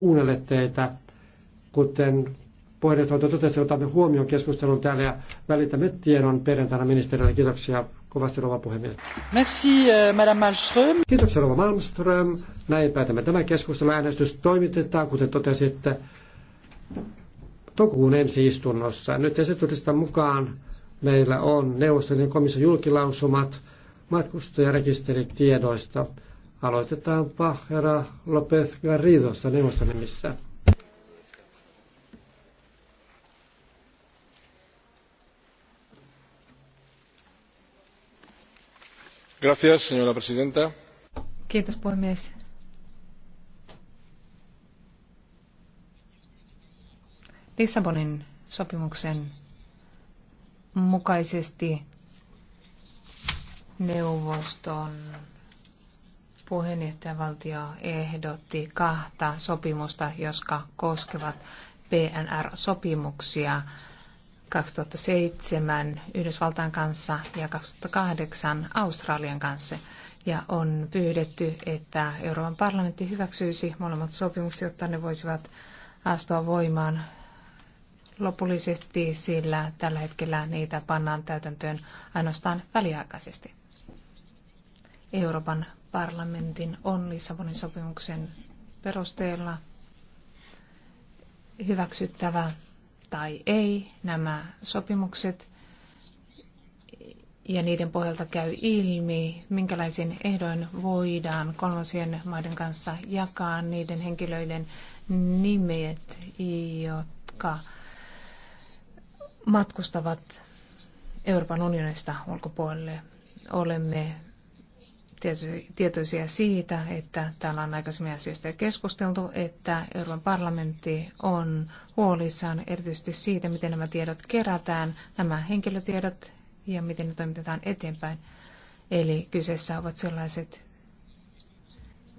kuunnelle teitä. Kuten puheenjohtaja totesi, otamme huomioon keskustelun täällä ja välitämme tiedon perjantaina ministerille. Kiitoksia kovasti rouva puhemies. Merci, euh, Madame Malmström. Kiitoksia rouva Malmström. Näin päätämme tämä keskustelu. Äänestys toimitetaan, kuten totesitte, toukokuun ensi istunnossa. Nyt esityksestä mukaan meillä on neuvoston ja komission julkilausumat matkustajarekisteritiedoista. Aloitetaanpa herra Lopez Garridosta neuvoston nimissä. Gracias, señora presidenta. Kiitos puhemies. Lissabonin sopimuksen mukaisesti neuvoston Puheenjohtajavaltio ehdotti kahta sopimusta, jotka koskevat PNR-sopimuksia 2007 Yhdysvaltain kanssa ja 2008 Australian kanssa. Ja on pyydetty, että Euroopan parlamentti hyväksyisi molemmat sopimukset, jotta ne voisivat astua voimaan lopullisesti, sillä tällä hetkellä niitä pannaan täytäntöön ainoastaan väliaikaisesti. Euroopan parlamentin on Lissabonin sopimuksen perusteella hyväksyttävä tai ei nämä sopimukset ja niiden pohjalta käy ilmi, minkälaisin ehdoin voidaan kolmansien maiden kanssa jakaa niiden henkilöiden nimet, jotka matkustavat Euroopan unionista ulkopuolelle. Olemme tietoisia siitä, että täällä on aikaisemmin asiasta keskusteltu, että Euroopan parlamentti on huolissaan erityisesti siitä, miten nämä tiedot kerätään, nämä henkilötiedot ja miten ne toimitetaan eteenpäin. Eli kyseessä ovat sellaiset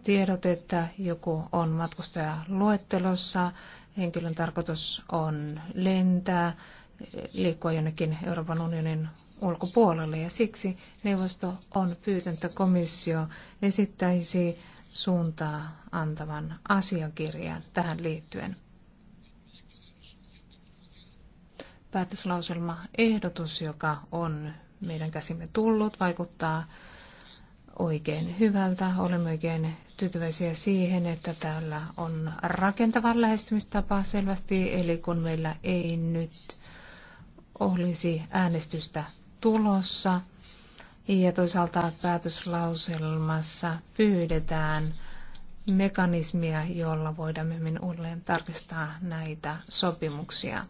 tiedot, että joku on matkustajaluettelossa, henkilön tarkoitus on lentää, liikkua jonnekin Euroopan unionin ulkopuolelle ja siksi neuvosto on pyytänyt, että komissio esittäisi suuntaa antavan asiakirjan tähän liittyen. Päätöslauselma ehdotus, joka on meidän käsimme tullut, vaikuttaa oikein hyvältä. Olemme oikein tyytyväisiä siihen, että täällä on rakentava lähestymistapa selvästi, eli kun meillä ei nyt olisi äänestystä tulossa ja toisaalta päätöslauselmassa pyydetään mekanismia, jolla voidaan myöhemmin uudelleen tarkistaa näitä sopimuksia.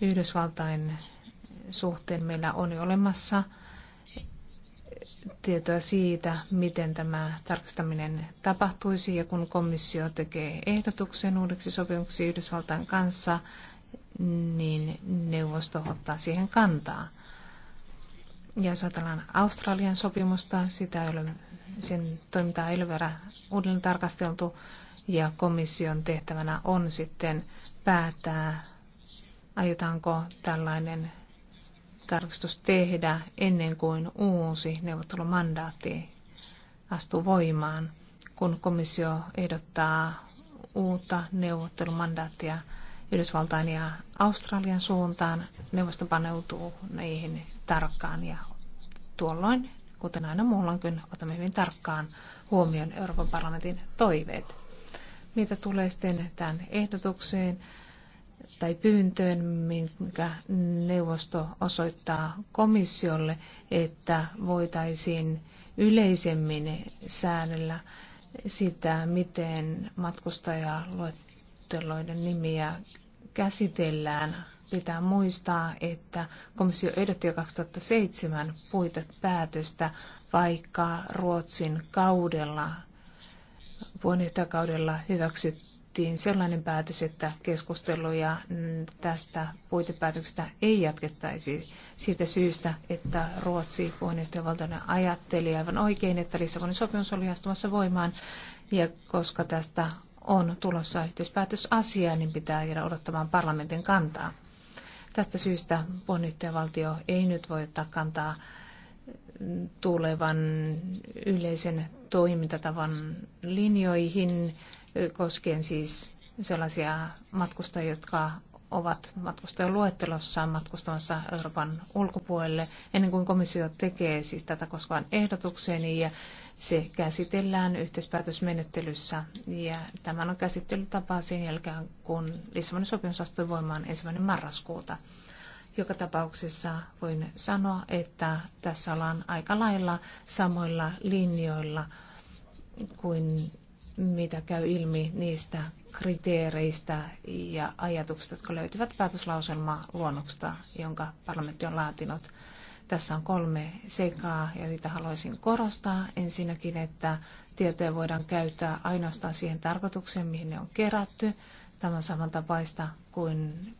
Yhdysvaltain suhteen meillä on jo olemassa tietoa siitä, miten tämä tarkistaminen tapahtuisi ja kun komissio tekee ehdotuksen uudeksi sopimuksi Yhdysvaltain kanssa, niin neuvosto ottaa siihen kantaa. Ja jos ajatellaan Australian sopimusta, sitä ei ole, sen toimintaa ei ole vielä uudelleen tarkasteltu ja komission tehtävänä on sitten päättää, aiotaanko tällainen tarkastus tehdä ennen kuin uusi neuvottelumandaatti astuu voimaan, kun komissio ehdottaa uutta neuvottelumandaattia Yhdysvaltain ja Australian suuntaan. Neuvosto paneutuu näihin tarkkaan ja tuolloin, kuten aina muullankin, otamme hyvin tarkkaan huomioon Euroopan parlamentin toiveet. Mitä tulee sitten tämän ehdotukseen tai pyyntöön, minkä neuvosto osoittaa komissiolle, että voitaisiin yleisemmin säännellä sitä, miten matkustajaluetteloiden nimiä käsitellään pitää muistaa, että komissio ehdotti jo 2007 puitepäätöstä, vaikka Ruotsin kaudella, puheenjohtajakaudella hyväksyttiin sellainen päätös, että keskusteluja tästä puitepäätöksestä ei jatkettaisi siitä syystä, että Ruotsi puheenjohtajavaltainen ajatteli aivan oikein, että Lissabonin sopimus oli astumassa voimaan, ja koska tästä on tulossa yhteispäätösasia, niin pitää jäädä odottamaan parlamentin kantaa. Tästä syystä puheenjohtajavaltio ei nyt voi ottaa kantaa tulevan yleisen toimintatavan linjoihin koskien siis sellaisia matkustajia, jotka ovat matkustajaluettelossaan luettelossaan matkustamassa Euroopan ulkopuolelle ennen kuin komissio tekee siis tätä koskevan ehdotuksen ja niin se käsitellään yhteispäätösmenettelyssä ja tämän on käsittelytapa sen jälkeen, kun Lissabonin sopimus astui voimaan ensimmäinen marraskuuta. Joka tapauksessa voin sanoa, että tässä ollaan aika lailla samoilla linjoilla kuin mitä käy ilmi niistä kriteereistä ja ajatuksista, jotka löytyvät päätöslauselma luonnoksesta, jonka parlamentti on laatinut. Tässä on kolme sekaa, joita haluaisin korostaa. Ensinnäkin, että tietoja voidaan käyttää ainoastaan siihen tarkoitukseen, mihin ne on kerätty. Tämä on samantapaista kuin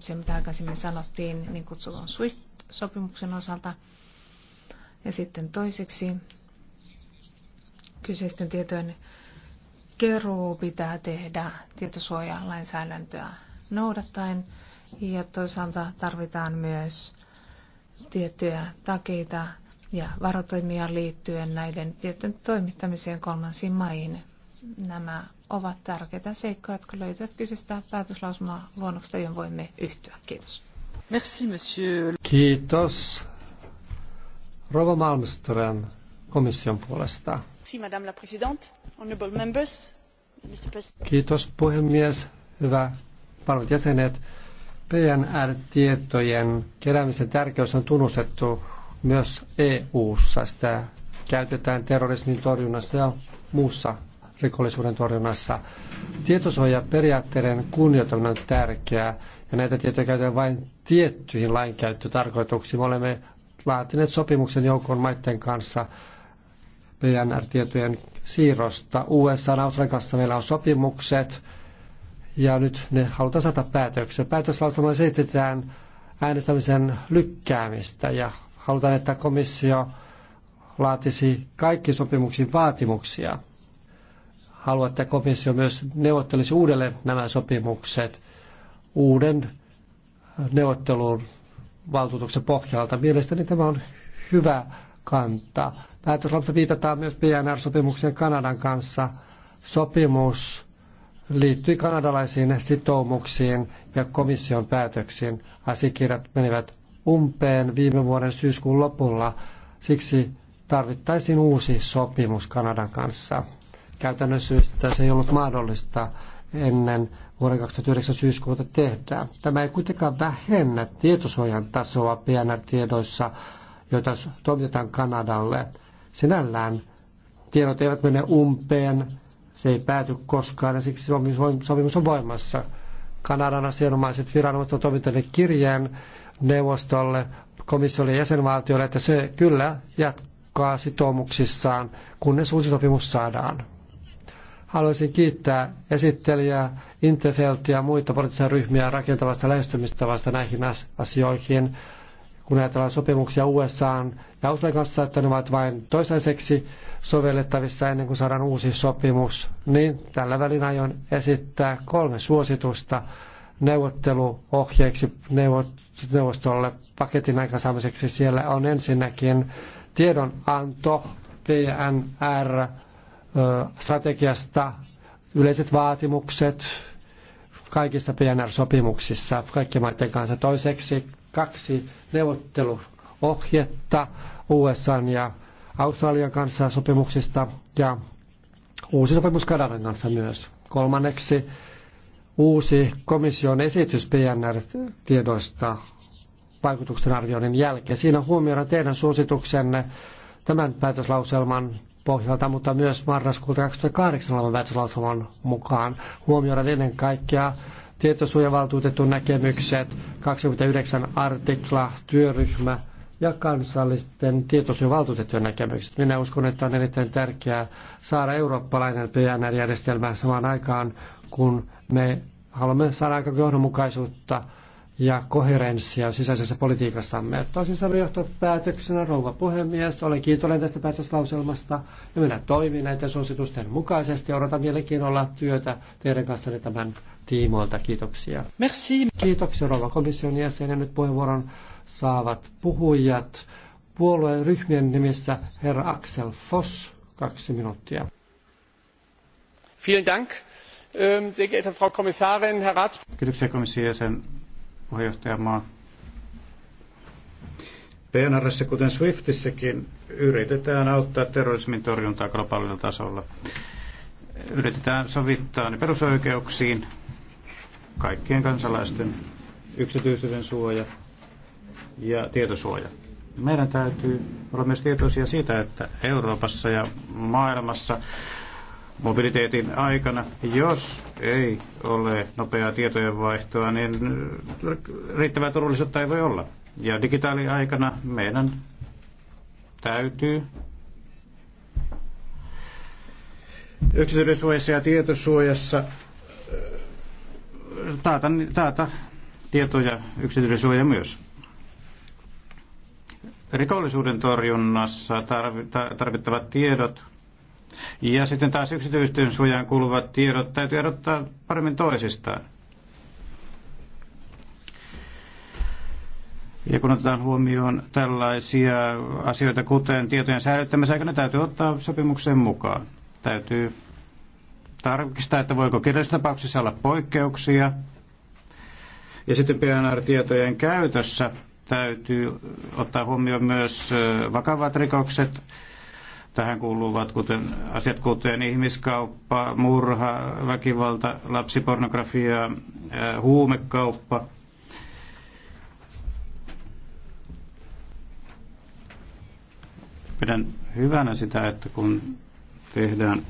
se, mitä aikaisemmin sanottiin niin kutsutun SWIFT-sopimuksen osalta. Ja sitten toiseksi kyseisten tietojen keruu pitää tehdä tietosuojalainsäädäntöä noudattaen ja toisaalta tarvitaan myös tiettyjä takeita ja varotoimia liittyen näiden tietojen toimittamiseen kolmansiin maihin. Nämä ovat tärkeitä seikkoja, jotka löytyvät kyseistä päätöslausumaa luonnoksesta, johon voimme yhtyä. Kiitos. Merci, monsieur. Kiitos. Rova Malmström komission puolesta. Madame la Présidente, honorable members, Mr. President. Kiitos puhemies, hyvä parlamentin jäsenet. PNR-tietojen keräämisen tärkeys on tunnustettu myös EU-ssa. Sitä käytetään terrorismin torjunnassa ja muussa rikollisuuden torjunnassa. Tietosuojaperiaatteiden kunnioittaminen on tärkeää ja näitä tietoja käytetään vain tiettyihin lainkäyttötarkoituksiin. Me olemme laatineet sopimuksen joukon maiden kanssa, PNR-tietojen siirrosta. USA ja Australian kanssa meillä on sopimukset ja nyt ne halutaan saada päätöksen. Päätöslauselma esitetään äänestämisen lykkäämistä ja halutaan, että komissio laatisi kaikki sopimuksiin vaatimuksia. Haluan, että komissio myös neuvottelisi uudelleen nämä sopimukset uuden neuvottelun valtuutuksen pohjalta. Mielestäni tämä on hyvä kanta. Päätöslauselmassa viitataan myös PNR-sopimukseen Kanadan kanssa. Sopimus liittyi kanadalaisiin sitoumuksiin ja komission päätöksiin. Asiakirjat menivät umpeen viime vuoden syyskuun lopulla. Siksi tarvittaisiin uusi sopimus Kanadan kanssa. Käytännön syystä se ei ollut mahdollista ennen vuoden 2009 syyskuuta tehdä. Tämä ei kuitenkaan vähennä tietosuojan tasoa PNR-tiedoissa, joita toimitetaan Kanadalle. Sinällään tiedot eivät mene umpeen, se ei pääty koskaan ja siksi sopimus on voimassa. Kanadan asianomaiset viranomaiset ovat toimittaneet kirjeen neuvostolle, komissiolle ja jäsenvaltiolle, että se kyllä jatkaa sitoumuksissaan, kunnes uusi sopimus saadaan. Haluaisin kiittää esittelijää Interfeltia ja muita poliittisia ryhmiä rakentavasta lähestymistavasta näihin asioihin kun ajatellaan sopimuksia USA ja Australian kanssa, että ne ovat vain toistaiseksi sovellettavissa ennen kuin saadaan uusi sopimus, niin tällä välin aion esittää kolme suositusta neuvotteluohjeiksi neuvostolle paketin aikaansaamiseksi. Siellä on ensinnäkin tiedonanto PNR-strategiasta, yleiset vaatimukset kaikissa PNR-sopimuksissa kaikkien maiden kanssa. Toiseksi kaksi neuvotteluohjetta USA ja Australian kanssa sopimuksista ja uusi sopimus Kanadan kanssa myös. Kolmanneksi uusi komission esitys PNR-tiedoista vaikutusten arvioinnin jälkeen. Siinä huomioidaan teidän suosituksenne tämän päätöslauselman pohjalta, mutta myös marraskuuta 2008 olevan päätöslauselman mukaan huomioidaan ennen kaikkea tietosuojavaltuutetun näkemykset, 29 artikla, työryhmä ja kansallisten tietosuojavaltuutettujen näkemykset. Minä uskon, että on erittäin tärkeää saada eurooppalainen PNR-järjestelmä samaan aikaan, kun me haluamme saada aika johdonmukaisuutta ja koherenssia sisäisessä politiikassamme. Toisin sanoen johtopäätöksenä, rouva puhemies, olen kiitollinen tästä päätöslauselmasta ja minä toimin näiden suositusten mukaisesti ja odotan mielenkiinnolla työtä teidän kanssanne tämän tiimoilta. Kiitoksia. Merci. Kiitoksia rouva komission jäsen. Ja nyt puheenvuoron saavat puhujat puolueen ryhmien nimissä herra Axel Foss, kaksi minuuttia. Vielen Dank, ähm, sehr geehrte Frau Kommissarin, Herr Rats. Kiitoksia komission jäsen Maa. PNRssä, kuten Swiftissäkin, yritetään auttaa terrorismin torjuntaa globaalilla tasolla. Yritetään sovittaa ne perusoikeuksiin kaikkien kansalaisten yksityisyyden suoja ja tietosuoja. Meidän täytyy olla myös tietoisia siitä, että Euroopassa ja maailmassa mobiliteetin aikana, jos ei ole nopeaa tietojenvaihtoa, niin riittävää turvallisuutta ei voi olla. Ja digitaaliaikana meidän täytyy suojassa ja tietosuojassa taata, taata tietoja suoja myös. Rikollisuuden torjunnassa tarvittavat tiedot ja sitten taas yksityisten suojaan kuuluvat tiedot täytyy erottaa paremmin toisistaan. Ja kun otetaan huomioon tällaisia asioita, kuten tietojen säilyttämisen aikana, täytyy ottaa sopimuksen mukaan. Täytyy tarkistaa, että voiko kirjallisissa tapauksissa olla poikkeuksia. Ja sitten PNR-tietojen käytössä täytyy ottaa huomioon myös vakavat rikokset. Tähän kuuluvat kuten, asiat kuten ihmiskauppa, murha, väkivalta, lapsipornografia, huumekauppa. Pidän hyvänä sitä, että kun tehdään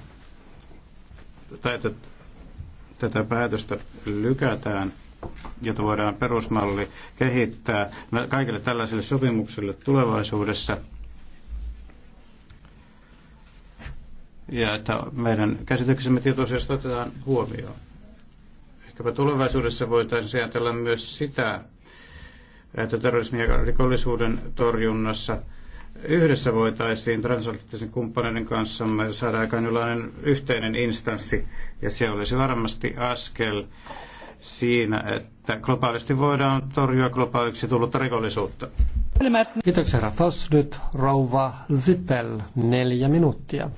tai että tätä päätöstä lykätään ja voidaan perusmalli kehittää kaikille tällaisille sopimuksille tulevaisuudessa. Ja että meidän käsityksemme tietoisesta otetaan huomioon. Ehkäpä tulevaisuudessa voitaisiin ajatella myös sitä, että terrorismin ja rikollisuuden torjunnassa – yhdessä voitaisiin transatlanttisen kumppaneiden kanssa saada aikaan jonkinlainen yhteinen instanssi, ja se olisi varmasti askel siinä, että globaalisti voidaan torjua globaaliksi tullutta rikollisuutta. Kiitoksia, herra Foss. Nyt rouva Zippel, neljä minuuttia.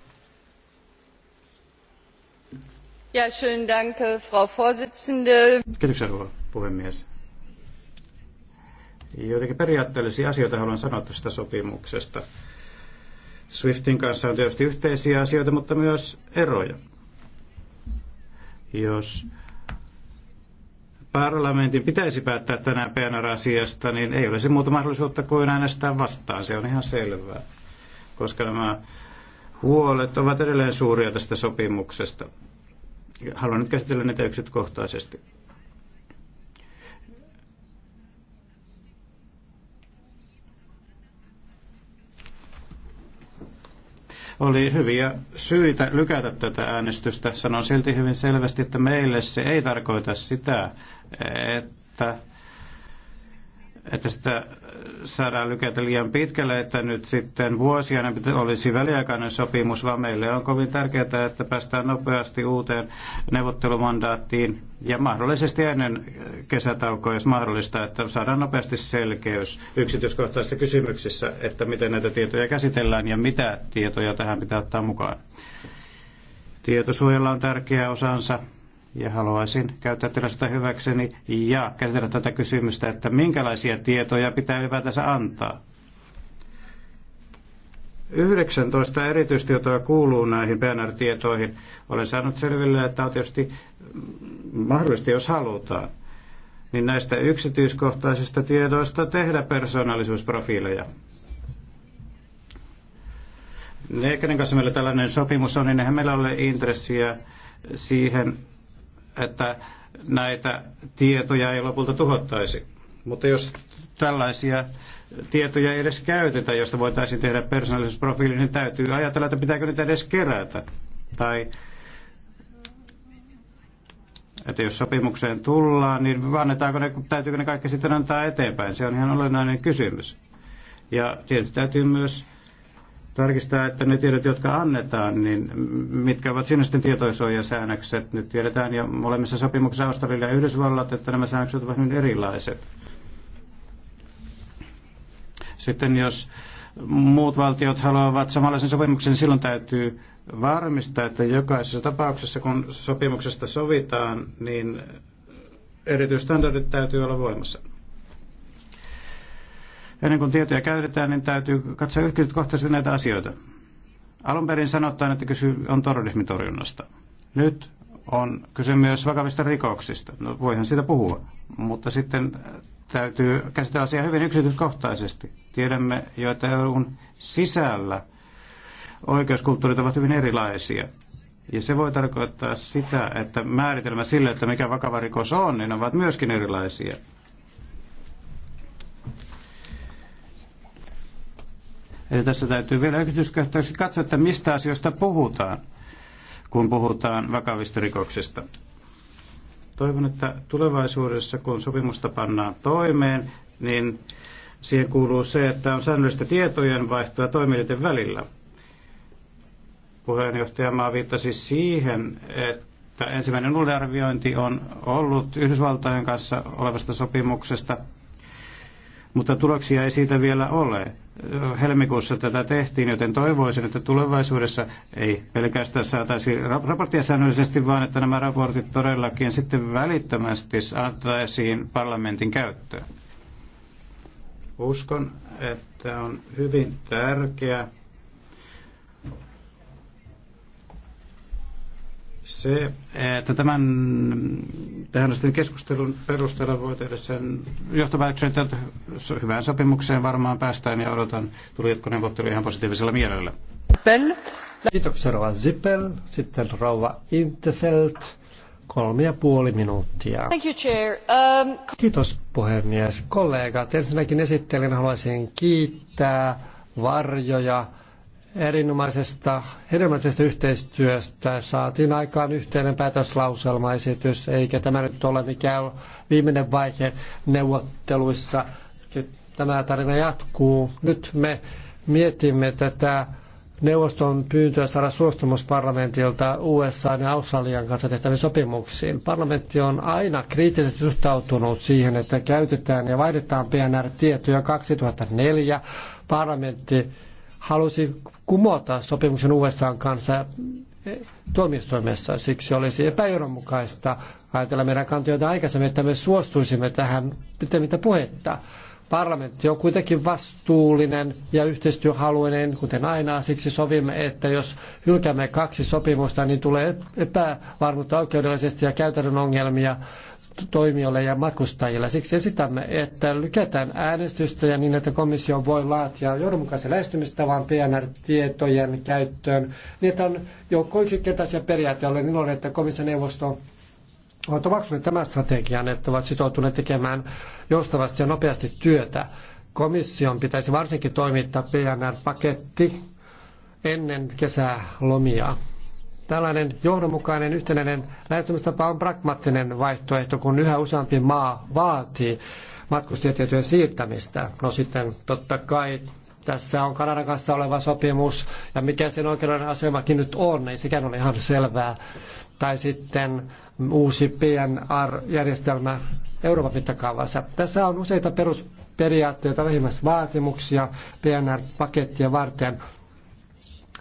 Ja, schön danke, Frau Vorsitzende. Kiitoksia, rouva puhemies. Joitakin periaatteellisia asioita haluan sanoa tästä sopimuksesta. Swiftin kanssa on tietysti yhteisiä asioita, mutta myös eroja. Jos parlamentin pitäisi päättää tänään PNR-asiasta, niin ei ole se muuta mahdollisuutta kuin äänestää vastaan. Se on ihan selvää, koska nämä huolet ovat edelleen suuria tästä sopimuksesta. Haluan nyt käsitellä niitä yksityiskohtaisesti. oli hyviä syitä lykätä tätä äänestystä. Sanon silti hyvin selvästi, että meille se ei tarkoita sitä, että, että sitä saadaan lykätä liian pitkälle, että nyt sitten vuosina olisi väliaikainen sopimus, vaan meille on kovin tärkeää, että päästään nopeasti uuteen neuvottelumandaattiin ja mahdollisesti ennen kesätaukoa, jos mahdollista, että saadaan nopeasti selkeys yksityiskohtaisissa kysymyksissä, että miten näitä tietoja käsitellään ja mitä tietoja tähän pitää ottaa mukaan. Tietosuojella on tärkeä osansa ja haluaisin käyttää tilaisuutta hyväkseni ja käsitellä tätä kysymystä, että minkälaisia tietoja pitää ylipäätänsä antaa. 19 erityistietoa kuuluu näihin PNR-tietoihin. Olen saanut selville, että on tietysti mm, mahdollisesti, jos halutaan, niin näistä yksityiskohtaisista tiedoista tehdä persoonallisuusprofiileja. Ne, kenen kanssa meillä tällainen sopimus on, niin eihän meillä ole intressiä siihen että näitä tietoja ei lopulta tuhottaisi. Mutta jos tällaisia tietoja ei edes käytetä, josta voitaisiin tehdä persoonallisuusprofiili, niin täytyy ajatella, että pitääkö niitä edes kerätä. Tai että jos sopimukseen tullaan, niin annetaanko ne, täytyykö ne kaikki sitten antaa eteenpäin? Se on ihan olennainen kysymys. Ja tietysti täytyy myös tarkistaa, että ne tiedot, jotka annetaan, niin mitkä ovat siinä sitten tietoisuojasäännökset. Nyt tiedetään jo molemmissa sopimuksissa Australia ja Yhdysvallat, että nämä säännökset ovat hyvin erilaiset. Sitten jos muut valtiot haluavat samanlaisen sopimuksen, niin silloin täytyy varmistaa, että jokaisessa tapauksessa, kun sopimuksesta sovitaan, niin erityistandardit täytyy olla voimassa ennen kuin tietoja käytetään, niin täytyy katsoa yksityiskohtaisesti näitä asioita. Alun perin sanotaan, että kysy on torjunnasta. Nyt on kyse myös vakavista rikoksista. No, voihan siitä puhua, mutta sitten äh, täytyy käsitellä asiaa hyvin yksityiskohtaisesti. Tiedämme jo, että EUn sisällä oikeuskulttuurit ovat hyvin erilaisia. Ja se voi tarkoittaa sitä, että määritelmä sille, että mikä vakava rikos on, niin ovat myöskin erilaisia. Eli tässä täytyy vielä yksityiskohtaisesti katsoa, että mistä asioista puhutaan, kun puhutaan vakavista rikoksista. Toivon, että tulevaisuudessa, kun sopimusta pannaan toimeen, niin siihen kuuluu se, että on säännöllistä tietojen vaihtoa toimijoiden välillä. Maa viittasi siihen, että ensimmäinen uudelleenarviointi on ollut Yhdysvaltojen kanssa olevasta sopimuksesta – mutta tuloksia ei siitä vielä ole. Helmikuussa tätä tehtiin, joten toivoisin, että tulevaisuudessa ei pelkästään saataisi raporttia säännöllisesti, vaan että nämä raportit todellakin sitten välittömästi saataisiin parlamentin käyttöön. Uskon, että on hyvin tärkeää, Se, että tämän tähän keskustelun perusteella voi tehdä sen johtopäätöksen, että hyvään sopimukseen varmaan päästään ja odotan neuvottelu ihan positiivisella mielellä. Kiitoksia Rova Zippel, sitten Rova Intefeld, kolme ja puoli minuuttia. Thank you, chair. Um... Kiitos puhemies. Kollegat, ensinnäkin esittelen haluaisin kiittää varjoja erinomaisesta, hedelmällisestä yhteistyöstä saatiin aikaan yhteinen päätöslauselmaesitys, eikä tämä nyt ole mikään viimeinen vaihe neuvotteluissa. Tämä tarina jatkuu. Nyt me mietimme tätä neuvoston pyyntöä saada suostumus parlamentilta USA ja Australian kanssa tehtäviin sopimuksiin. Parlamentti on aina kriittisesti suhtautunut siihen, että käytetään ja vaihdetaan PNR-tietoja 2004. Parlamentti halusi kumota sopimuksen USA kanssa tuomioistuimessa. Siksi olisi epäjohdonmukaista ajatella meidän kantoja aikaisemmin, että me suostuisimme tähän pitemmittä puhetta. Parlamentti on kuitenkin vastuullinen ja yhteistyöhaluinen, kuten aina. Siksi sovimme, että jos hylkäämme kaksi sopimusta, niin tulee epävarmuutta oikeudellisesti ja käytännön ongelmia toimijoille ja matkustajille. Siksi esitämme, että lykätään äänestystä ja niin, että komissio voi laatia johdonmukaisen lähestymistavan PNR-tietojen käyttöön. Niin, että on joukko yksinkertaisia periaatteita. Olen iloinen, että komission neuvosto ovat omaksuneet tämän strategian, että ovat sitoutuneet tekemään joustavasti ja nopeasti työtä. Komission pitäisi varsinkin toimittaa PNR-paketti ennen kesälomia. Tällainen johdonmukainen yhtenäinen lähestymistapa on pragmaattinen vaihtoehto, kun yhä useampi maa vaatii matkustajatietojen siirtämistä. No sitten totta kai tässä on Kanadan kanssa oleva sopimus ja mikä sen oikeudellinen asemakin nyt on, ei sekään ole ihan selvää. Tai sitten uusi PNR-järjestelmä Euroopan mittakaavassa. Tässä on useita perusperiaatteita, vähimmäisvaatimuksia PNR-pakettia varten.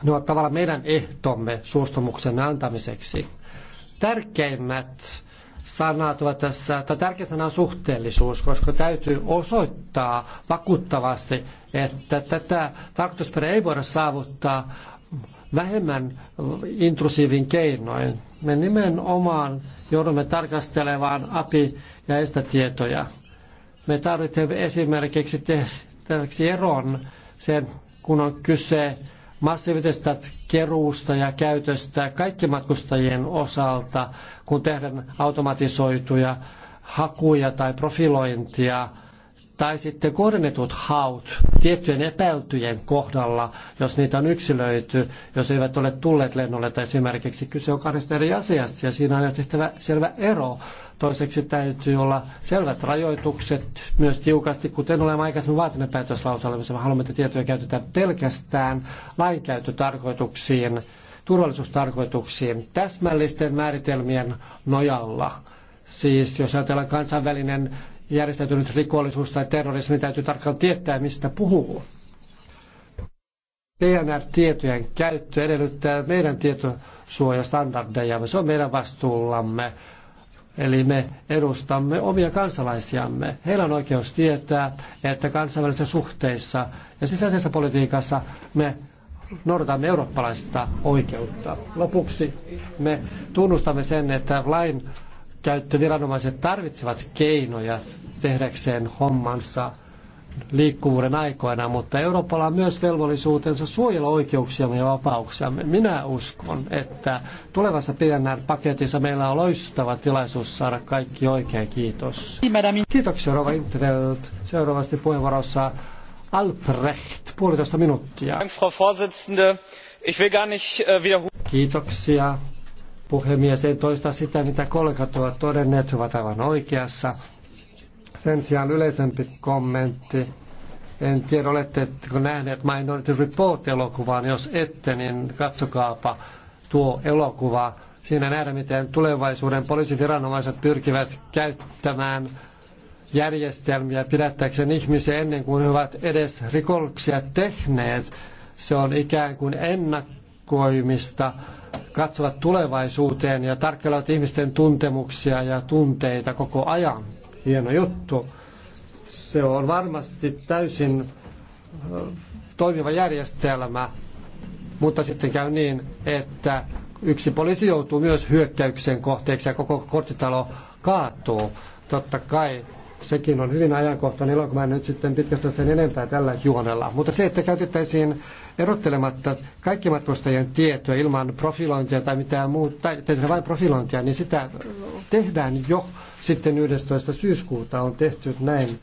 Ne ovat tavallaan meidän ehtomme suostumuksen antamiseksi. Tärkeimmät sanat ovat tässä, tai tärkeä sana on suhteellisuus, koska täytyy osoittaa vakuuttavasti, että tätä tarkoitusperä ei voida saavuttaa vähemmän intrusiivin keinoin. Me nimenomaan joudumme tarkastelemaan API- ja estätietoja. Me tarvitsemme esimerkiksi tehtäväksi eron sen, kun on kyse massiivisesta keruusta ja käytöstä kaikkien matkustajien osalta, kun tehdään automatisoituja hakuja tai profilointia, tai sitten kohdennetut haut tiettyjen epäiltyjen kohdalla, jos niitä on yksilöity, jos eivät ole tulleet lennolle tai esimerkiksi kyse on kahdesta eri asiasta ja siinä on tehtävä selvä ero. Toiseksi täytyy olla selvät rajoitukset myös tiukasti, kuten olemme aikaisemmin vaatineet päätöslauselmissa. missä haluamme, että tietoja käytetään pelkästään lainkäyttötarkoituksiin, turvallisuustarkoituksiin, täsmällisten määritelmien nojalla. Siis jos ajatellaan kansainvälinen järjestäytynyt rikollisuus tai terrorismi, niin täytyy tarkkaan tietää, mistä puhuu. PNR-tietojen käyttö edellyttää meidän tietosuojastandardeja. Se on meidän vastuullamme Eli me edustamme omia kansalaisiamme. Heillä on oikeus tietää, että kansainvälisissä suhteissa ja sisäisessä politiikassa me noudatamme eurooppalaista oikeutta. Lopuksi me tunnustamme sen, että lain käyttöviranomaiset tarvitsevat keinoja tehdäkseen hommansa liikkuvuuden aikoina, mutta Euroopalla on myös velvollisuutensa suojella oikeuksiamme ja vapauksiamme. Minä uskon, että tulevassa pnr paketissa meillä on loistava tilaisuus saada kaikki oikein. Kiitos. Kiitoksia Rova Intervelt. Seuraavasti puheenvuorossa Albrecht, puolitoista minuuttia. Äh, Kiitoksia puhemies. En toista sitä, mitä kollegat ovat todenneet, he ovat aivan oikeassa. Sen sijaan yleisempi kommentti. En tiedä, oletteko nähneet Minority Report-elokuvan. Jos ette, niin katsokaapa tuo elokuva. Siinä nähdään, miten tulevaisuuden poliisiviranomaiset pyrkivät käyttämään järjestelmiä pidättäkseen ihmisiä ennen kuin he ovat edes rikoksia tehneet. Se on ikään kuin ennakoimista, katsovat tulevaisuuteen ja tarkkailevat ihmisten tuntemuksia ja tunteita koko ajan hieno juttu. Se on varmasti täysin toimiva järjestelmä, mutta sitten käy niin, että yksi poliisi joutuu myös hyökkäyksen kohteeksi ja koko korttitalo kaatuu. Totta kai Sekin on hyvin ajankohtainen elokuva, nyt sitten pitkästä sen enempää tällä juonella. Mutta se, että käytettäisiin erottelematta kaikki matkustajien tietoa ilman profilointia tai mitään muuta, tai tehdään vain profilointia, niin sitä tehdään jo sitten 11. syyskuuta on tehty näin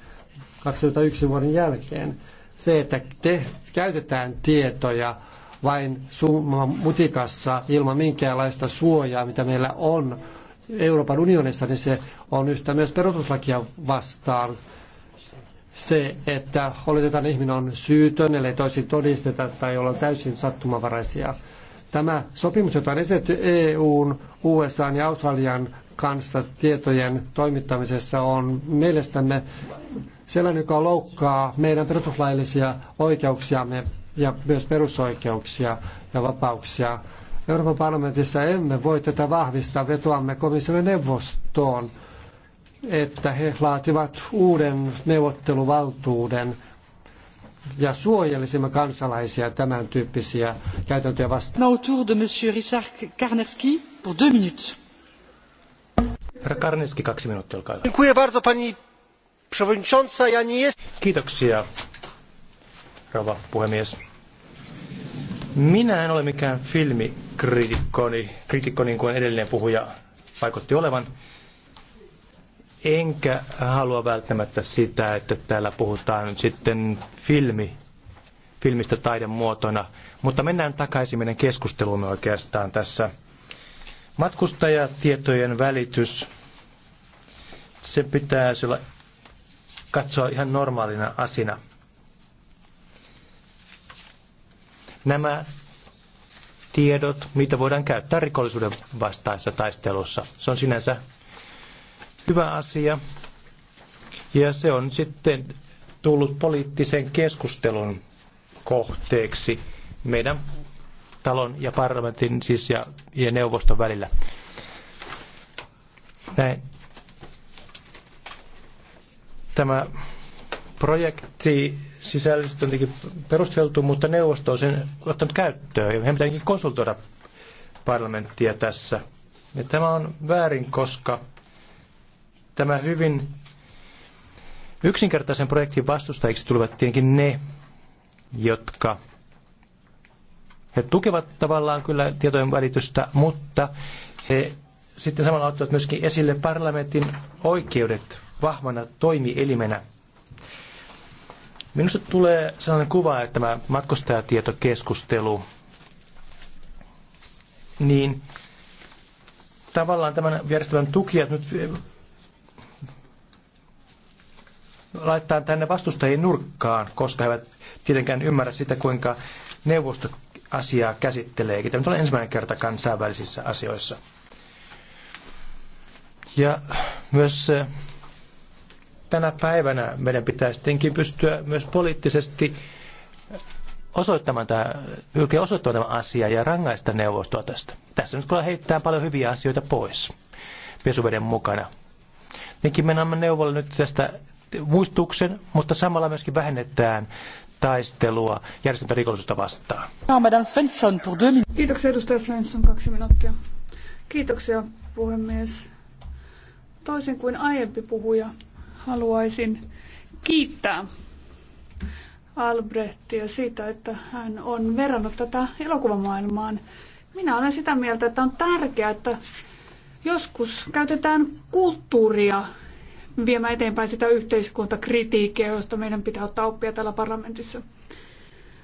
21 vuoden jälkeen. Se, että te, käytetään tietoja vain summa mutikassa ilman minkäänlaista suojaa, mitä meillä on, Euroopan unionissa, niin se on yhtä myös perustuslakia vastaan. Se, että oletetaan ihminen on syytön, ellei toisin todisteta tai olla täysin sattumavaraisia. Tämä sopimus, jota on esitetty EUn, USA ja Australian kanssa tietojen toimittamisessa on mielestämme sellainen, joka loukkaa meidän perustuslaillisia oikeuksiamme ja myös perusoikeuksia ja vapauksia. Euroopan parlamentissa emme voi tätä vahvistaa, vetoamme komission neuvostoon, että he laativat uuden neuvotteluvaltuuden ja suojelisimme kansalaisia tämän tyyppisiä käytäntöjä vastaan. Now tour de monsieur Richard Karnerski pour deux minutes. Herra Karnerski, kaksi minuuttia, olkaa hyvä. Dziękuję bardzo pani przewodnicząca, ja nie jest... Kiitoksia, rouva puhemies. Minä en ole mikään filmikritikko, kritikko niin kuin edellinen puhuja vaikutti olevan. Enkä halua välttämättä sitä, että täällä puhutaan nyt sitten filmi, filmistä muotona, Mutta mennään takaisin meidän keskusteluun oikeastaan tässä. Matkustajatietojen välitys, se pitää olla, katsoa ihan normaalina asina. nämä tiedot, mitä voidaan käyttää rikollisuuden vastaisessa taistelussa. Se on sinänsä hyvä asia. Ja se on sitten tullut poliittisen keskustelun kohteeksi meidän talon ja parlamentin siis ja, ja neuvoston välillä. Näin. Tämä projekti sisällöllisesti on perusteltu, mutta neuvosto on sen ottanut käyttöön. Ja he pitääkin konsultoida parlamenttia tässä. Ja tämä on väärin, koska tämä hyvin yksinkertaisen projektin vastustajiksi tulevat tietenkin ne, jotka he tukevat tavallaan kyllä tietojen välitystä, mutta he sitten samalla ottavat myöskin esille parlamentin oikeudet vahvana toimielimenä. Minusta tulee sellainen kuva, että tämä matkustajatietokeskustelu, niin tavallaan tämän järjestelmän tukijat nyt laittaa tänne vastustajien nurkkaan, koska he eivät tietenkään ymmärrä sitä, kuinka neuvosto asiaa käsittelee. Tämä on ensimmäinen kerta kansainvälisissä asioissa. Ja myös tänä päivänä meidän pitää sittenkin pystyä myös poliittisesti osoittamaan tämä, osoittamaan tämä asia ja rangaista neuvostoa tästä. Tässä nyt kyllä heittää paljon hyviä asioita pois pesuveden mukana. Nekin me annamme neuvolle nyt tästä muistuksen, mutta samalla myöskin vähennetään taistelua järjestöntärikollisuutta vastaan. Kiitoksia edustaja Svensson, kaksi minuuttia. Kiitoksia puhemies. Toisin kuin aiempi puhuja, haluaisin kiittää Albrehtia siitä, että hän on verrannut tätä elokuvamaailmaan. Minä olen sitä mieltä, että on tärkeää, että joskus käytetään kulttuuria viemään eteenpäin sitä yhteiskuntakritiikkiä, josta meidän pitää ottaa oppia täällä parlamentissa.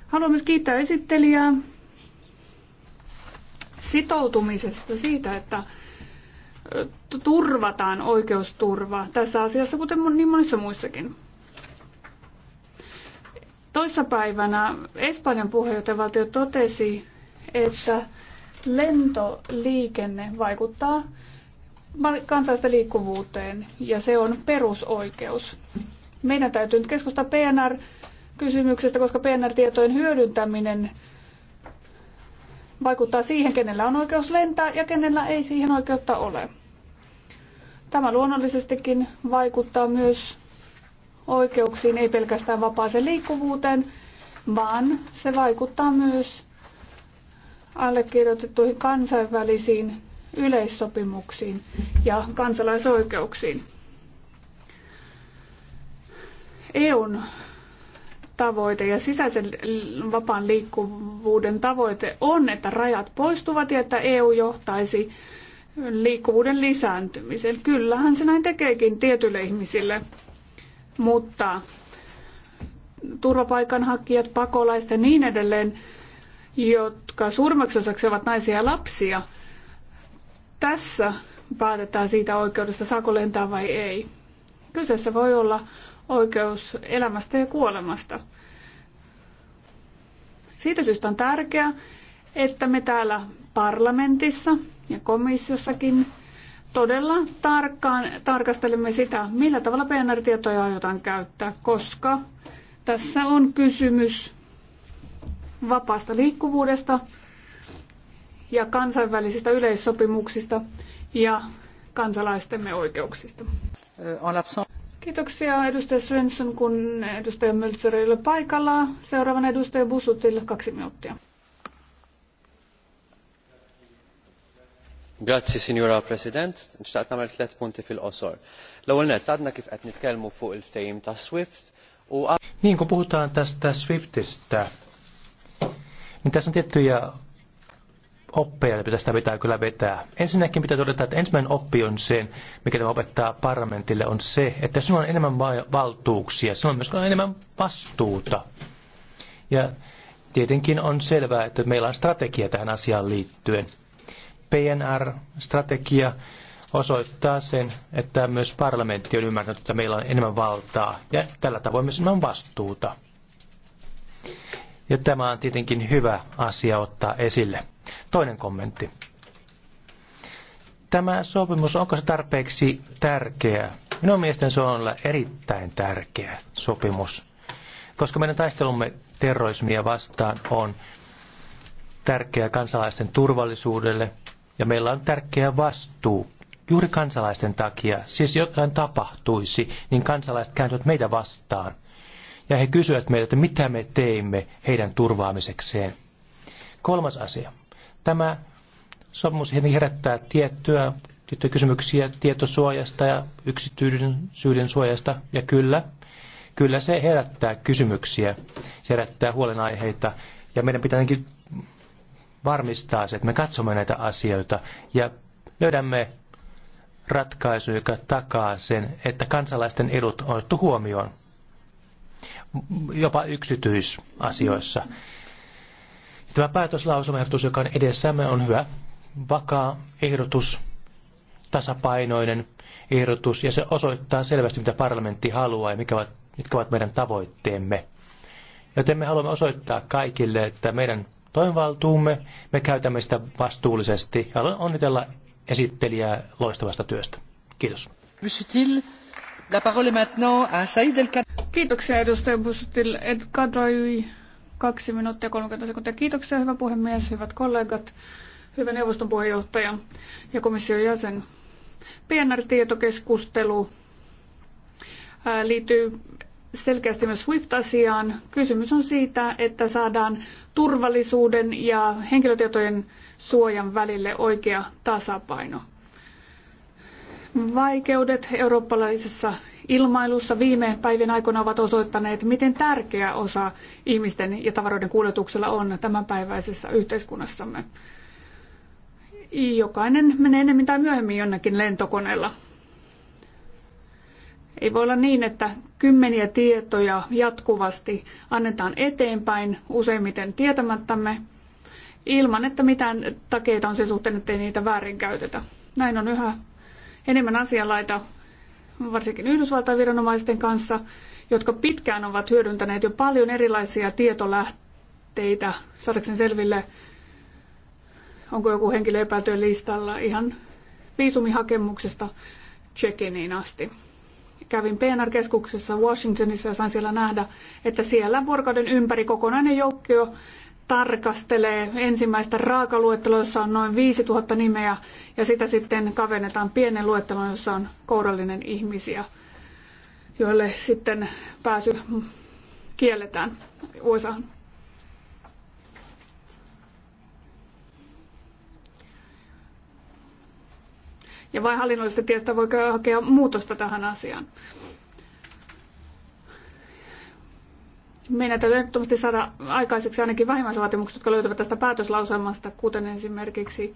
Haluan myös kiittää esittelijää sitoutumisesta siitä, että turvataan oikeusturva tässä asiassa, kuten niin monissa muissakin. Toissapäivänä Espanjan puheenjohtajavaltio totesi, että lentoliikenne vaikuttaa kansallista liikkuvuuteen ja se on perusoikeus. Meidän täytyy nyt keskustaa PNR-kysymyksestä, koska PNR-tietojen hyödyntäminen vaikuttaa siihen, kenellä on oikeus lentää ja kenellä ei siihen oikeutta ole. Tämä luonnollisestikin vaikuttaa myös oikeuksiin, ei pelkästään vapaaseen liikkuvuuteen, vaan se vaikuttaa myös allekirjoitettuihin kansainvälisiin yleissopimuksiin ja kansalaisoikeuksiin. EUn tavoite ja sisäisen vapaan liikkuvuuden tavoite on, että rajat poistuvat ja että EU johtaisi liikkuvuuden lisääntymisen. Kyllähän se näin tekeekin tietyille ihmisille, mutta turvapaikanhakijat, pakolaiset ja niin edelleen, jotka suurimmaksi osaksi ovat naisia ja lapsia, tässä päätetään siitä oikeudesta, saako lentää vai ei. Kyseessä voi olla oikeus elämästä ja kuolemasta. Siitä syystä on tärkeää, että me täällä parlamentissa ja komissiossakin todella tarkkaan tarkastelemme sitä, millä tavalla PNR-tietoja aiotaan käyttää, koska tässä on kysymys vapaasta liikkuvuudesta ja kansainvälisistä yleissopimuksista ja kansalaistemme oikeuksista. Euh, Kiitoksia edustaja Svensson, kun edustaja Möltser ei ole paikalla. Seuraavan edustaja Busutille kaksi minuuttia. Grazzi, signora President. Nxtaqt namel tlet punti fil-qosor. L-ewwel tadna kif qed nitkellmu fuq il-ftehim ta' Swift u Niin kun puhutaan tästä Swiftistä, niin tässä on tiettyjä oppeja, joita tästä pitää kyllä vetää. Ensinnäkin pitää todeta, että ensimmäinen oppi on se, mikä tämä opettaa parlamentille, on se, että sinulla on enemmän valtuuksia, sinulla on myös enemmän vastuuta. Ja tietenkin on selvää, että meillä on strategia tähän asiaan liittyen. PNR-strategia osoittaa sen, että myös parlamentti on ymmärtänyt, että meillä on enemmän valtaa ja tällä tavoin myös enemmän vastuuta. Ja tämä on tietenkin hyvä asia ottaa esille. Toinen kommentti. Tämä sopimus, onko se tarpeeksi tärkeä? Minun mielestäni se on erittäin tärkeä sopimus, koska meidän taistelumme terrorismia vastaan on tärkeä kansalaisten turvallisuudelle ja meillä on tärkeä vastuu juuri kansalaisten takia. Siis jotain tapahtuisi, niin kansalaiset kääntyvät meitä vastaan ja he kysyvät meiltä, että mitä me teimme heidän turvaamisekseen. Kolmas asia. Tämä sopimus herättää tiettyä, tiettyjä kysymyksiä tietosuojasta ja yksityisyyden suojasta. Ja kyllä, kyllä se herättää kysymyksiä, se herättää huolenaiheita. Ja meidän pitää ainakin varmistaa se, että me katsomme näitä asioita ja löydämme ratkaisu, joka takaa sen, että kansalaisten edut on otettu huomioon jopa yksityisasioissa. Mm. Tämä päätöslauselmaehdotus, joka on edessämme, on hyvä, vakaa ehdotus, tasapainoinen ehdotus, ja se osoittaa selvästi, mitä parlamentti haluaa ja mikä ovat, mitkä ovat meidän tavoitteemme. Joten me haluamme osoittaa kaikille, että meidän toimivaltuumme, me käytämme sitä vastuullisesti. Haluan onnitella esittelijää loistavasta työstä. Kiitos. Kiitoksia edustaja Busutil Ed Kadraui Kaksi minuuttia 30 sekuntia. Kiitoksia, hyvä puhemies, hyvät kollegat, hyvä neuvoston puheenjohtaja ja komission jäsen. PNR-tietokeskustelu liittyy selkeästi myös SWIFT-asiaan. Kysymys on siitä, että saadaan turvallisuuden ja henkilötietojen suojan välille oikea tasapaino. Vaikeudet eurooppalaisessa ilmailussa viime päivien aikana ovat osoittaneet, miten tärkeä osa ihmisten ja tavaroiden kuljetuksella on tämänpäiväisessä yhteiskunnassamme. Jokainen menee enemmän tai myöhemmin jonnekin lentokoneella. Ei voi olla niin, että kymmeniä tietoja jatkuvasti annetaan eteenpäin, useimmiten tietämättämme, ilman että mitään takeita on sen suhteen, ettei niitä väärinkäytetä. Näin on yhä enemmän asianlaita, varsinkin Yhdysvaltain viranomaisten kanssa, jotka pitkään ovat hyödyntäneet jo paljon erilaisia tietolähteitä saadakseen selville, onko joku henkilö epäiltyjen listalla ihan viisumihakemuksesta check asti. Kävin PNR-keskuksessa Washingtonissa ja sain siellä nähdä, että siellä vuorokauden ympäri kokonainen joukko tarkastelee ensimmäistä raakaluetteloa, jossa on noin 5000 nimeä, ja sitä sitten kavennetaan pienen luettelon, jossa on kourallinen ihmisiä, joille sitten pääsy kielletään USAhan. Ja vain hallinnollisesta tiestä voi hakea muutosta tähän asiaan. meidän täytyy ehdottomasti saada aikaiseksi ainakin vähimmäisvaatimukset, jotka löytyvät tästä päätöslauselmasta, kuten esimerkiksi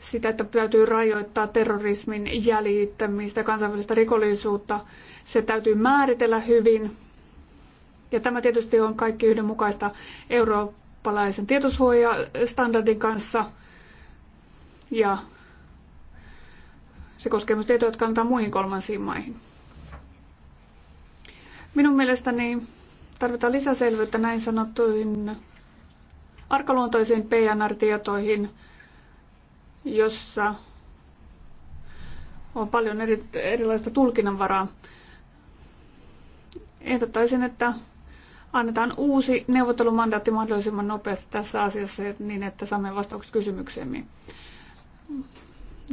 sitä, että täytyy rajoittaa terrorismin jäljittämistä, kansainvälistä rikollisuutta. Se täytyy määritellä hyvin. Ja tämä tietysti on kaikki yhdenmukaista eurooppalaisen tietosuojastandardin kanssa. Ja se koskee myös tietoja, jotka annetaan muihin kolmansiin maihin. Minun mielestäni tarvitaan lisäselvyyttä näin sanottuihin arkaluontoisiin PNR-tietoihin, jossa on paljon eri, erilaista tulkinnanvaraa. Ehdottaisin, että annetaan uusi neuvottelumandaatti mahdollisimman nopeasti tässä asiassa niin, että saamme vastaukset kysymyksemme.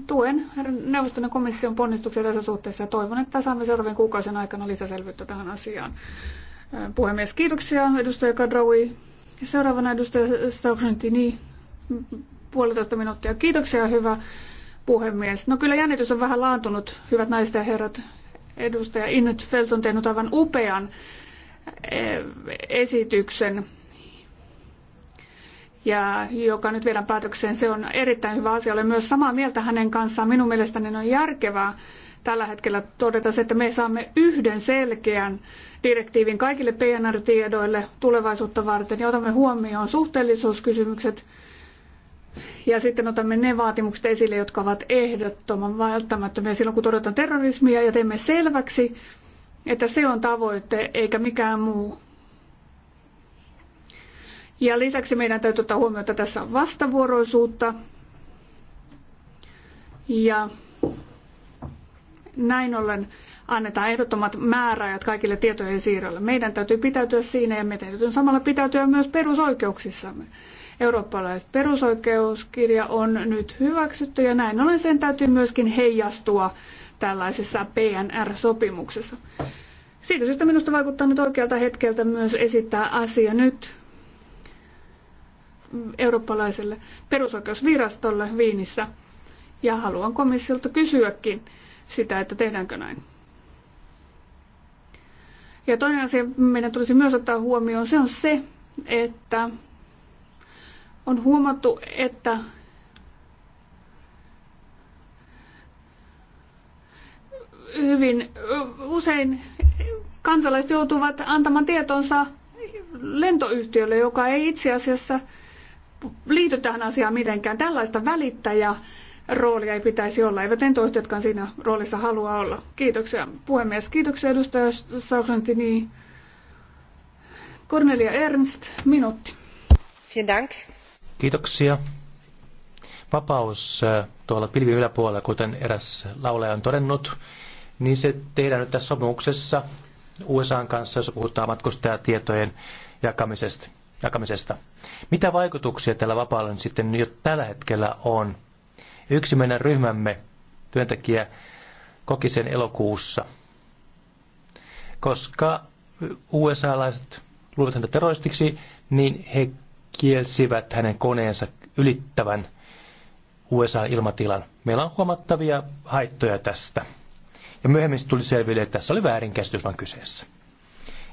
Tuen neuvoston ja komission ponnistuksia tässä suhteessa ja toivon, että saamme seuraavien kuukausien aikana lisäselvyyttä tähän asiaan. Puhemies, kiitoksia edustaja Kadraui. Seuraavana edustaja Stavrantini, niin puolitoista minuuttia. Kiitoksia, hyvä puhemies. No kyllä jännitys on vähän laantunut, hyvät naiset ja herrat. Edustaja Innet Felt on tehnyt aivan upean e, esityksen, ja joka nyt viedään päätökseen. Se on erittäin hyvä asia. Olen myös samaa mieltä hänen kanssaan. Minun mielestäni on järkevää, tällä hetkellä todeta se, että me saamme yhden selkeän direktiivin kaikille PNR-tiedoille tulevaisuutta varten ja otamme huomioon suhteellisuuskysymykset ja sitten otamme ne vaatimukset esille, jotka ovat ehdottoman välttämättömiä silloin, kun torjutaan terrorismia ja teemme selväksi, että se on tavoite eikä mikään muu. Ja lisäksi meidän täytyy ottaa huomioon, että tässä on vastavuoroisuutta. Ja näin ollen annetaan ehdottomat määräajat kaikille tietojen siirroille. Meidän täytyy pitäytyä siinä ja meidän täytyy samalla pitäytyä myös perusoikeuksissamme. Eurooppalaiset perusoikeuskirja on nyt hyväksytty ja näin ollen sen täytyy myöskin heijastua tällaisessa PNR-sopimuksessa. Siitä syystä minusta vaikuttaa nyt oikealta hetkeltä myös esittää asia nyt eurooppalaiselle perusoikeusvirastolle Viinissä. Ja haluan komissiolta kysyäkin, sitä, että tehdäänkö näin. Ja toinen asia meidän tulisi myös ottaa huomioon, se on se, että on huomattu, että hyvin usein kansalaiset joutuvat antamaan tietonsa lentoyhtiölle, joka ei itse asiassa liity tähän asiaan mitenkään. Tällaista välittäjää roolia ei pitäisi olla, eivät jotka siinä roolissa halua olla. Kiitoksia puhemies. Kiitoksia edustaja Sauksantini. Cornelia Ernst, minuutti. Vielen Dank. Kiitoksia. Vapaus äh, tuolla pilvi yläpuolella, kuten eräs laulaja on todennut, niin se tehdään nyt tässä sopimuksessa USAn kanssa, jossa puhutaan matkustajatietojen jakamisesta. jakamisesta. Mitä vaikutuksia tällä vapaalla sitten jo tällä hetkellä on Yksi meidän ryhmämme työntekijä koki sen elokuussa, koska USA-laiset luulivat häntä terroristiksi, niin he kielsivät hänen koneensa ylittävän USA-ilmatilan. Meillä on huomattavia haittoja tästä. Ja myöhemmin tuli selville, että tässä oli väärinkäsitys vaan kyseessä.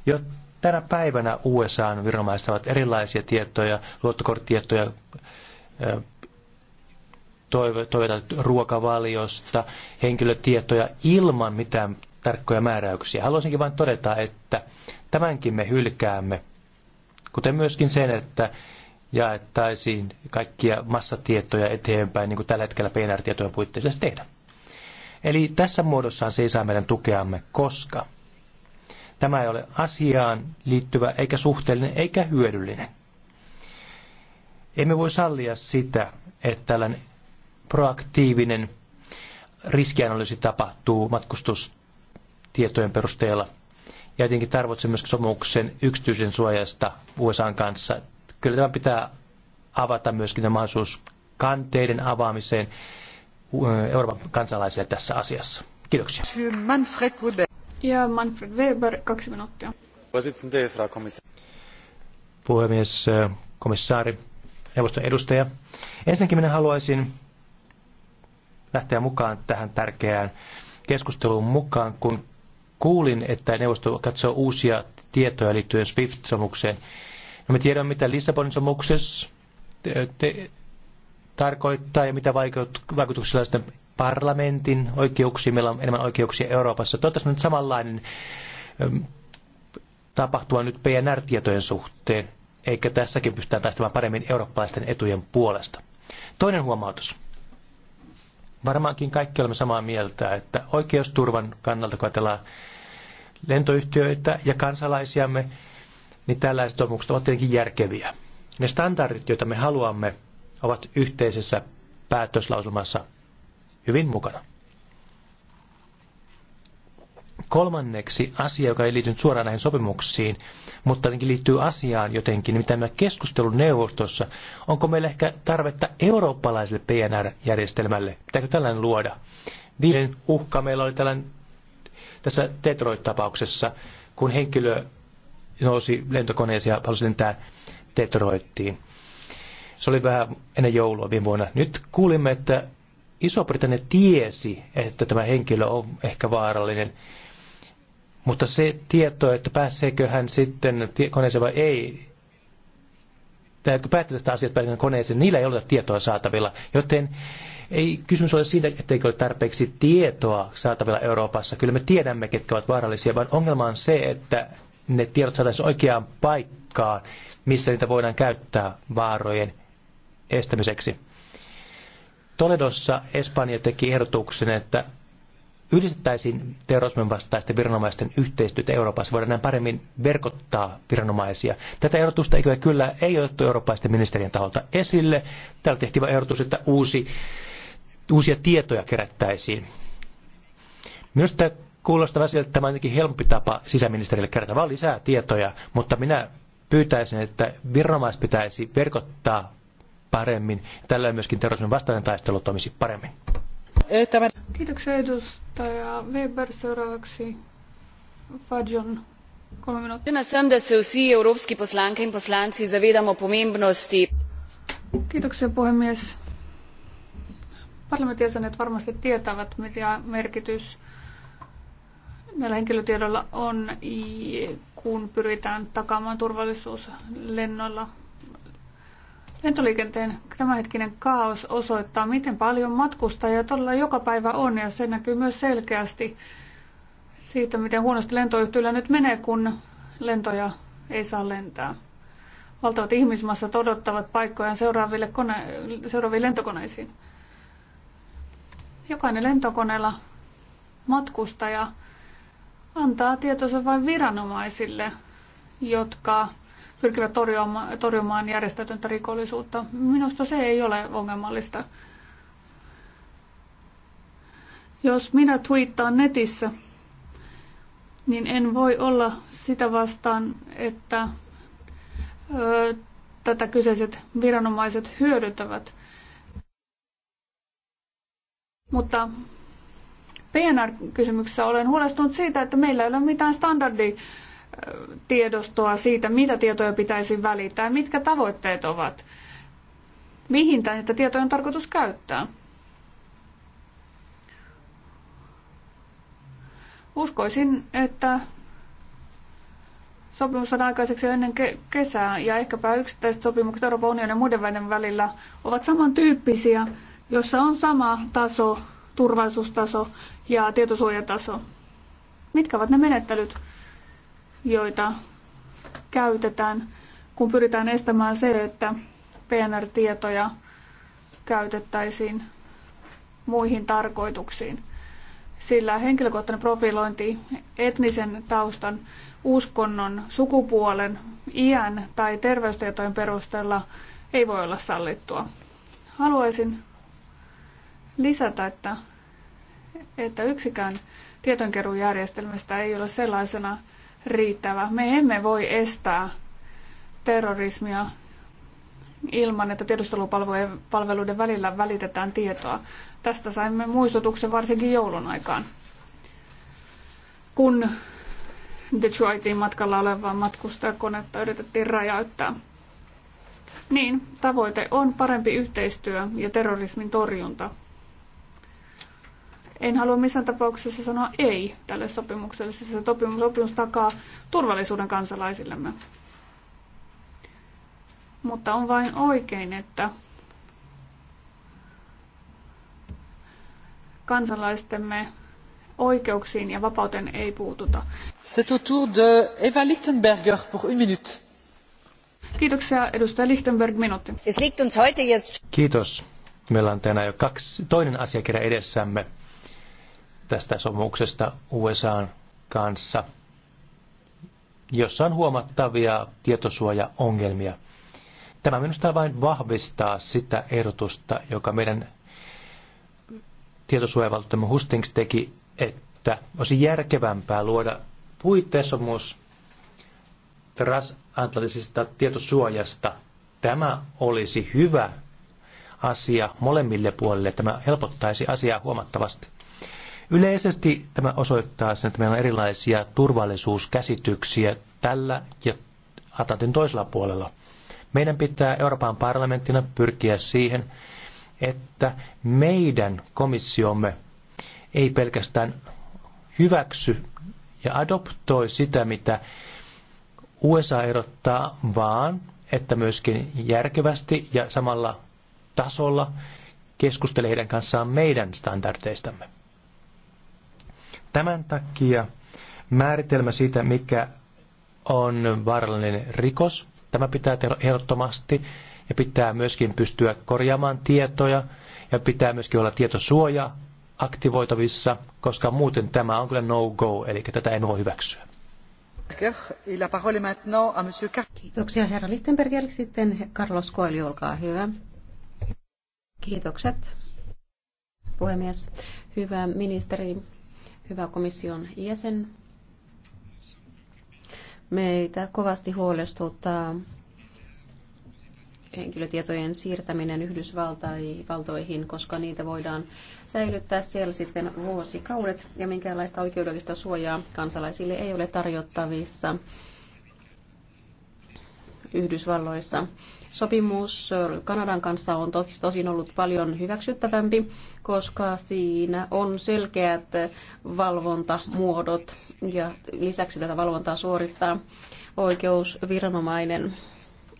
Jo tänä päivänä usa viranomaiset ovat erilaisia tietoja, luottokorttietoja toiveita ruokavaliosta, henkilötietoja ilman mitään tarkkoja määräyksiä. Haluaisinkin vain todeta, että tämänkin me hylkäämme, kuten myöskin sen, että jaettaisiin kaikkia massatietoja eteenpäin, niin kuin tällä hetkellä PNR-tietojen puitteissa tehdä. Eli tässä muodossaan se ei saa meidän tukeamme, koska tämä ei ole asiaan liittyvä, eikä suhteellinen, eikä hyödyllinen. Emme voi sallia sitä, että tällainen proaktiivinen riskianalyysi tapahtuu matkustustietojen perusteella. Ja jotenkin tarvitsee myös sopimuksen yksityisen suojasta USAn kanssa. Kyllä tämä pitää avata myöskin tämä mahdollisuus kanteiden avaamiseen eh, Euroopan kansalaisille tässä asiassa. Kiitoksia. Manfred Weber. Ja Manfred Weber, kaksi minuuttia. Puhemies, eh, komissaari, neuvoston edustaja. Ensinnäkin minä haluaisin lähteä mukaan tähän tärkeään keskusteluun mukaan, kun kuulin, että neuvosto katsoo uusia tietoja liittyen SWIFT-sopimukseen. No me tiedämme, mitä Lissabonin sopimuksessa tarkoittaa ja mitä vaikutuksia sitten parlamentin oikeuksia. Meillä on enemmän oikeuksia Euroopassa. Toivottavasti nyt samanlainen tapahtuma nyt PNR-tietojen suhteen, eikä tässäkin pystytään taistamaan paremmin eurooppalaisten etujen puolesta. Toinen huomautus. Varmaankin kaikki olemme samaa mieltä, että oikeusturvan kannalta, kun ajatellaan lentoyhtiöitä ja kansalaisiamme, niin tällaiset sopimukset ovat tietenkin järkeviä. Ne standardit, joita me haluamme, ovat yhteisessä päätöslauselmassa hyvin mukana. Kolmanneksi asia, joka ei liity suoraan näihin sopimuksiin, mutta jotenkin liittyy asiaan jotenkin, mitä me keskustelun neuvostossa. Onko meillä ehkä tarvetta eurooppalaiselle PNR-järjestelmälle? Pitääkö tällainen luoda? Viiden uhka meillä oli tällainen tässä Detroit-tapauksessa, kun henkilö nousi lentokoneeseen ja halusi lentää Detroittiin. Se oli vähän ennen joulua viime vuonna. Nyt kuulimme, että Iso-Britannia tiesi, että tämä henkilö on ehkä vaarallinen mutta se tieto, että pääseekö hän sitten koneeseen vai ei, tai kun päättää tästä asiasta päätetään koneeseen, niillä ei ole tietoa saatavilla. Joten ei kysymys ole siitä, etteikö ole tarpeeksi tietoa saatavilla Euroopassa. Kyllä me tiedämme, ketkä ovat vaarallisia, vaan ongelma on se, että ne tiedot saataisiin oikeaan paikkaan, missä niitä voidaan käyttää vaarojen estämiseksi. Toledossa Espanja teki ehdotuksen, että yhdistettäisiin terrorismin vastaisten viranomaisten yhteistyötä Euroopassa, voidaan näin paremmin verkottaa viranomaisia. Tätä ehdotusta ikävä kyllä ei otettu eurooppalaisten ministerien taholta esille. Täällä tehtiin vain ehdotus, että uusi, uusia tietoja kerättäisiin. Minusta kuulostaa siltä, että tämä on ainakin helpompi tapa sisäministerille kerätä vain lisää tietoja, mutta minä pyytäisin, että viranomais pitäisi verkottaa paremmin. Tällöin myöskin terrorismin vastainen taistelu toimisi paremmin. Tämän Kiitoksia edustaja Weber. Seuraavaksi Fajon. E Kiitoksia puhemies. Parlamentin jäsenet varmasti tietävät, mitä merkitys näillä henkilötiedoilla on, kun pyritään takaamaan turvallisuus lennoilla Lentoliikenteen tämänhetkinen kaos osoittaa, miten paljon matkustajia todella joka päivä on ja se näkyy myös selkeästi siitä, miten huonosti lentoyhtiöllä nyt menee, kun lentoja ei saa lentää. Valtavat ihmismassat odottavat paikkojaan seuraaville, kone- seuraaviin lentokoneisiin. Jokainen lentokoneella matkustaja antaa tietonsa vain viranomaisille, jotka pyrkivät torjumaan, torjumaan järjestäytyntä rikollisuutta. Minusta se ei ole ongelmallista. Jos minä twiittaan netissä, niin en voi olla sitä vastaan, että ö, tätä kyseiset viranomaiset hyödyntävät. Mutta PNR-kysymyksessä olen huolestunut siitä, että meillä ei ole mitään standardia tiedostoa siitä, mitä tietoja pitäisi välittää, mitkä tavoitteet ovat, mihin näitä tietoja on tarkoitus käyttää. Uskoisin, että sopimus on aikaiseksi jo ennen kesää ja ehkäpä yksittäiset sopimukset Euroopan unionin ja muiden väiden välillä ovat samantyyppisiä, jossa on sama taso, turvallisuustaso ja tietosuojataso. Mitkä ovat ne menettelyt, joita käytetään, kun pyritään estämään se, että PNR-tietoja käytettäisiin muihin tarkoituksiin. Sillä henkilökohtainen profilointi etnisen taustan, uskonnon, sukupuolen, iän tai terveystietojen perusteella ei voi olla sallittua. Haluaisin lisätä, että, että yksikään tietonkeruujärjestelmästä ei ole sellaisena riittävä. Me emme voi estää terrorismia ilman, että tiedustelupalveluiden välillä välitetään tietoa. Tästä saimme muistutuksen varsinkin joulun aikaan, kun Detroitin matkalla olevaa matkustajakonetta yritettiin räjäyttää. Niin, tavoite on parempi yhteistyö ja terrorismin torjunta en halua missään tapauksessa sanoa ei tälle sopimukselle, siis se sopimus, sopimus takaa turvallisuuden kansalaisillemme. Mutta on vain oikein, että kansalaistemme oikeuksiin ja vapauteen ei puututa. C'est au tour de Eva Lichtenberger pour une minute. Kiitoksia, edustaja Lichtenberg, minuutti. Kiitos. Meillä on tänään jo kaksi, toinen asiakirja edessämme tästä sopimuksesta USAn kanssa, jossa on huomattavia tietosuojaongelmia. Tämä minusta vain vahvistaa sitä ehdotusta, joka meidän tietosuojavaltuutemme Hustings teki, että olisi järkevämpää luoda puitteissopimus transatlantisesta tietosuojasta. Tämä olisi hyvä asia molemmille puolille. Tämä helpottaisi asiaa huomattavasti. Yleisesti tämä osoittaa sen, että meillä on erilaisia turvallisuuskäsityksiä tällä ja Atlantin toisella puolella. Meidän pitää Euroopan parlamenttina pyrkiä siihen, että meidän komissiomme ei pelkästään hyväksy ja adoptoi sitä, mitä USA erottaa, vaan että myöskin järkevästi ja samalla tasolla keskustele heidän kanssaan meidän standardeistamme. Tämän takia määritelmä siitä, mikä on vaarallinen rikos, tämä pitää tehdä ehdottomasti ja pitää myöskin pystyä korjaamaan tietoja ja pitää myöskin olla tietosuoja aktivoitavissa, koska muuten tämä on kyllä no-go, eli tätä en voi hyväksyä. Kiitoksia herra Lichtenberg. Sitten Carlos Coelho, olkaa hyvä. Kiitokset, puhemies. Hyvä ministeri, hyvä komission jäsen. Meitä kovasti huolestuttaa henkilötietojen siirtäminen Yhdysvaltoihin, koska niitä voidaan säilyttää siellä sitten vuosikaudet ja minkäänlaista oikeudellista suojaa kansalaisille ei ole tarjottavissa Yhdysvalloissa sopimus Kanadan kanssa on tosin ollut paljon hyväksyttävämpi, koska siinä on selkeät valvontamuodot ja lisäksi tätä valvontaa suorittaa oikeusviranomainen.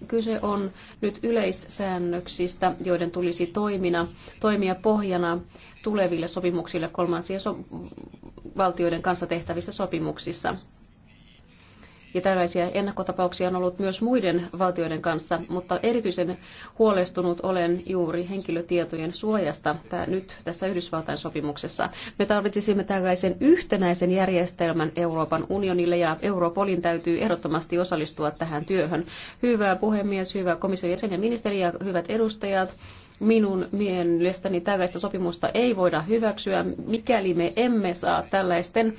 Kyse on nyt yleissäännöksistä, joiden tulisi toimina, toimia pohjana tuleville sopimuksille kolmansien so- valtioiden kanssa tehtävissä sopimuksissa. Ja tällaisia ennakkotapauksia on ollut myös muiden valtioiden kanssa, mutta erityisen huolestunut olen juuri henkilötietojen suojasta tää, nyt tässä Yhdysvaltain sopimuksessa. Me tarvitsisimme tällaisen yhtenäisen järjestelmän Euroopan unionille ja Europolin täytyy ehdottomasti osallistua tähän työhön. Hyvä puhemies, hyvä komission jäsen ja ministeri ja hyvät edustajat minun mielestäni tällaista sopimusta ei voida hyväksyä, mikäli me emme saa tällaisten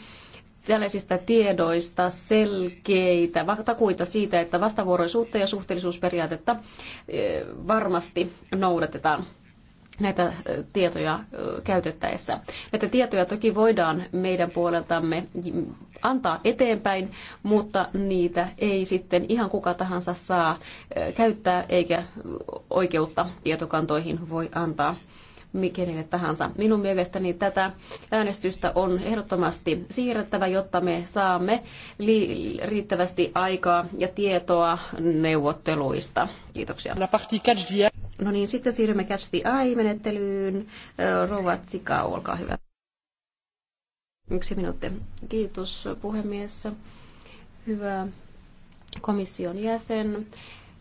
sellaisista tiedoista selkeitä takuita siitä, että vastavuoroisuutta ja suhteellisuusperiaatetta eh, varmasti noudatetaan näitä eh, tietoja eh, käytettäessä. Näitä tietoja toki voidaan meidän puoleltamme antaa eteenpäin, mutta niitä ei sitten ihan kuka tahansa saa käyttää eikä oikeutta tietokantoihin voi antaa kenelle tahansa. Minun mielestäni tätä äänestystä on ehdottomasti siirrettävä, jotta me saamme riittävästi aikaa ja tietoa neuvotteluista. Kiitoksia. No niin, sitten siirrymme Catch the Eye-menettelyyn. Rouva Tsikau, olkaa hyvä. Yksi minuutti. Kiitos puhemies. Hyvä komission jäsen.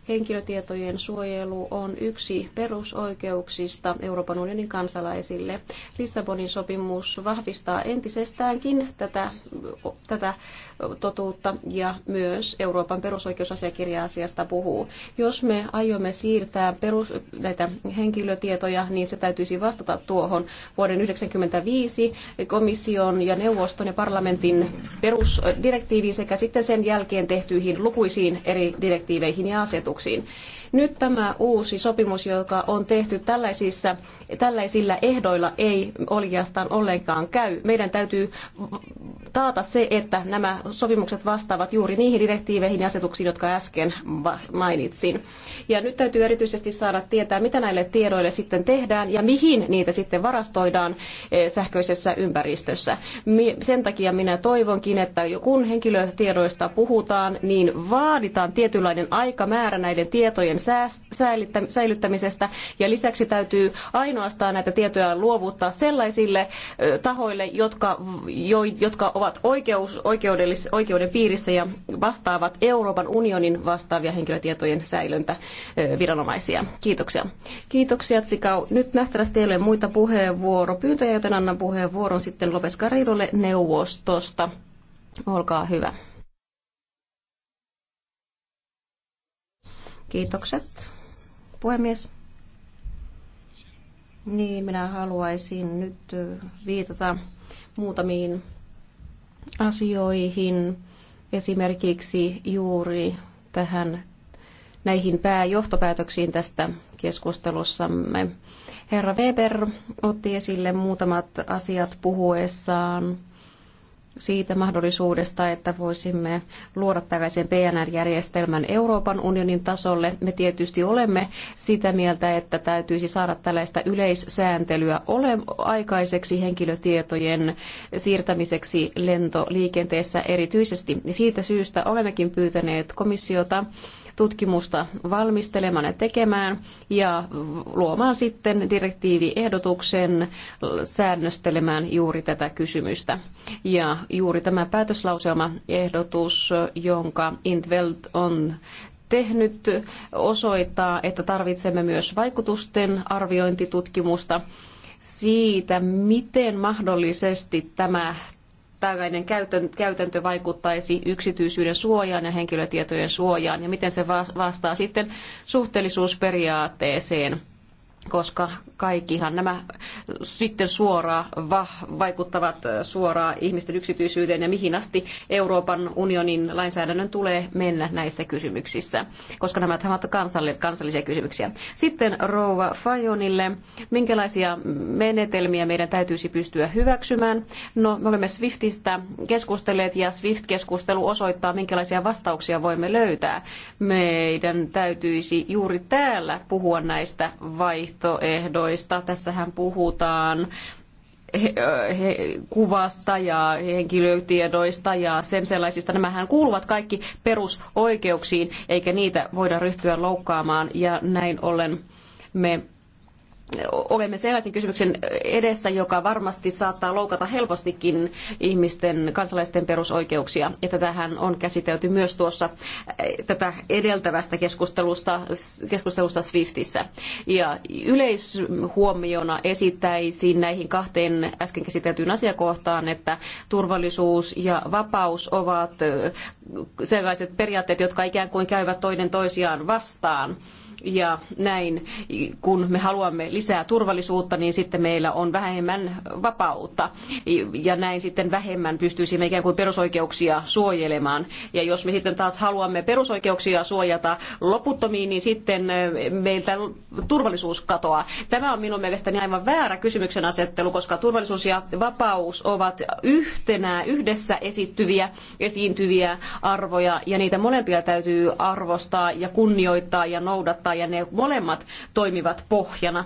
Henkilötietojen suojelu on yksi perusoikeuksista Euroopan unionin kansalaisille. Lissabonin sopimus vahvistaa entisestäänkin tätä, tätä totuutta ja myös Euroopan perusoikeusasiakirja asiasta puhuu. Jos me aiomme siirtää perus, näitä henkilötietoja, niin se täytyisi vastata tuohon vuoden 1995 komission ja neuvoston ja parlamentin perusdirektiiviin sekä sitten sen jälkeen tehtyihin lukuisiin eri direktiiveihin ja asetuksiin perusoikeuksiin. Nyt tämä uusi sopimus, joka on tehty tällaisissa, tällaisilla ehdoilla, ei oikeastaan ollenkaan käy. Meidän täytyy taata se, että nämä sopimukset vastaavat juuri niihin direktiiveihin ja asetuksiin, jotka äsken mainitsin. Ja nyt täytyy erityisesti saada tietää, mitä näille tiedoille sitten tehdään ja mihin niitä sitten varastoidaan eh, sähköisessä ympäristössä. Sen takia minä toivonkin, että kun henkilötiedoista puhutaan, niin vaaditaan tietynlainen aikamäärä näiden tietojen säilyttämisestä ja lisäksi täytyy ainoastaan näitä tietoja luovuttaa sellaisille tahoille, jotka, jo, jotka ovat oikeus, oikeudellis, oikeuden piirissä ja vastaavat Euroopan unionin vastaavia henkilötietojen säilöntäviranomaisia. Kiitoksia. Kiitoksia Tsikau. Nyt nähtävästi ei ole muita puheenvuoropyyntöjä, joten annan puheenvuoron sitten Lopes Karidolle neuvostosta. Olkaa hyvä. Kiitokset, puhemies. Niin, minä haluaisin nyt viitata muutamiin asioihin, esimerkiksi juuri tähän näihin pääjohtopäätöksiin tästä keskustelussamme. Herra Weber otti esille muutamat asiat puhuessaan siitä mahdollisuudesta, että voisimme luoda tällaisen PNR-järjestelmän Euroopan unionin tasolle. Me tietysti olemme sitä mieltä, että täytyisi saada tällaista yleissääntelyä ole aikaiseksi henkilötietojen siirtämiseksi lentoliikenteessä erityisesti. Siitä syystä olemmekin pyytäneet komissiota tutkimusta valmistelemaan ja tekemään ja luomaan sitten direktiiviehdotuksen säännöstelemään juuri tätä kysymystä. Ja juuri tämä päätöslauselmaehdotus, jonka Intveld on tehnyt, osoittaa, että tarvitsemme myös vaikutusten arviointitutkimusta siitä, miten mahdollisesti tämä tällainen käytäntö vaikuttaisi yksityisyyden suojaan ja henkilötietojen suojaan ja miten se vastaa sitten suhteellisuusperiaatteeseen koska kaikkihan nämä sitten suoraan vaikuttavat suoraan ihmisten yksityisyyteen ja mihin asti Euroopan unionin lainsäädännön tulee mennä näissä kysymyksissä, koska nämä ovat kansallisia kysymyksiä. Sitten Rouva Fajonille, minkälaisia menetelmiä meidän täytyisi pystyä hyväksymään? No, me olemme Swiftistä keskustelleet ja Swift-keskustelu osoittaa, minkälaisia vastauksia voimme löytää. Meidän täytyisi juuri täällä puhua näistä vaihtoehdoista vaihtoehdoista. Tässähän puhutaan kuvasta ja henkilötiedoista ja sen sellaisista. Nämähän kuuluvat kaikki perusoikeuksiin, eikä niitä voida ryhtyä loukkaamaan ja näin ollen me olemme sellaisen kysymyksen edessä, joka varmasti saattaa loukata helpostikin ihmisten, kansalaisten perusoikeuksia. Ja tätähän on käsitelty myös tuossa eh, tätä edeltävästä keskustelusta, keskustelussa Swiftissä. Ja yleishuomiona esittäisin näihin kahteen äsken käsiteltyyn asiakohtaan, että turvallisuus ja vapaus ovat eh, sellaiset periaatteet, jotka ikään kuin käyvät toinen toisiaan vastaan ja näin, kun me haluamme lisää turvallisuutta, niin sitten meillä on vähemmän vapautta. Ja näin sitten vähemmän pystyisimme ikään kuin perusoikeuksia suojelemaan. Ja jos me sitten taas haluamme perusoikeuksia suojata loputtomiin, niin sitten meiltä turvallisuus katoaa. Tämä on minun mielestäni aivan väärä kysymyksen asettelu, koska turvallisuus ja vapaus ovat yhtenä, yhdessä esittyviä, esiintyviä arvoja, ja niitä molempia täytyy arvostaa ja kunnioittaa ja noudattaa ja ne molemmat toimivat pohjana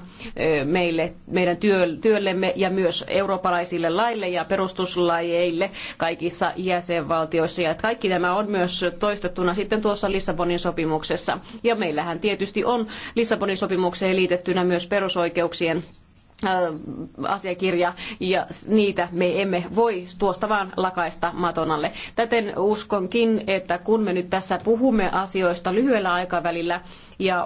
meille, meidän työllemme ja myös eurooppalaisille laille ja perustuslajeille kaikissa jäsenvaltioissa. Ja kaikki tämä on myös toistettuna sitten tuossa Lissabonin sopimuksessa. Ja meillähän tietysti on Lissabonin sopimukseen liitettynä myös perusoikeuksien asiakirja ja niitä me emme voi tuosta vaan lakaista matonalle. Täten uskonkin, että kun me nyt tässä puhumme asioista lyhyellä aikavälillä ja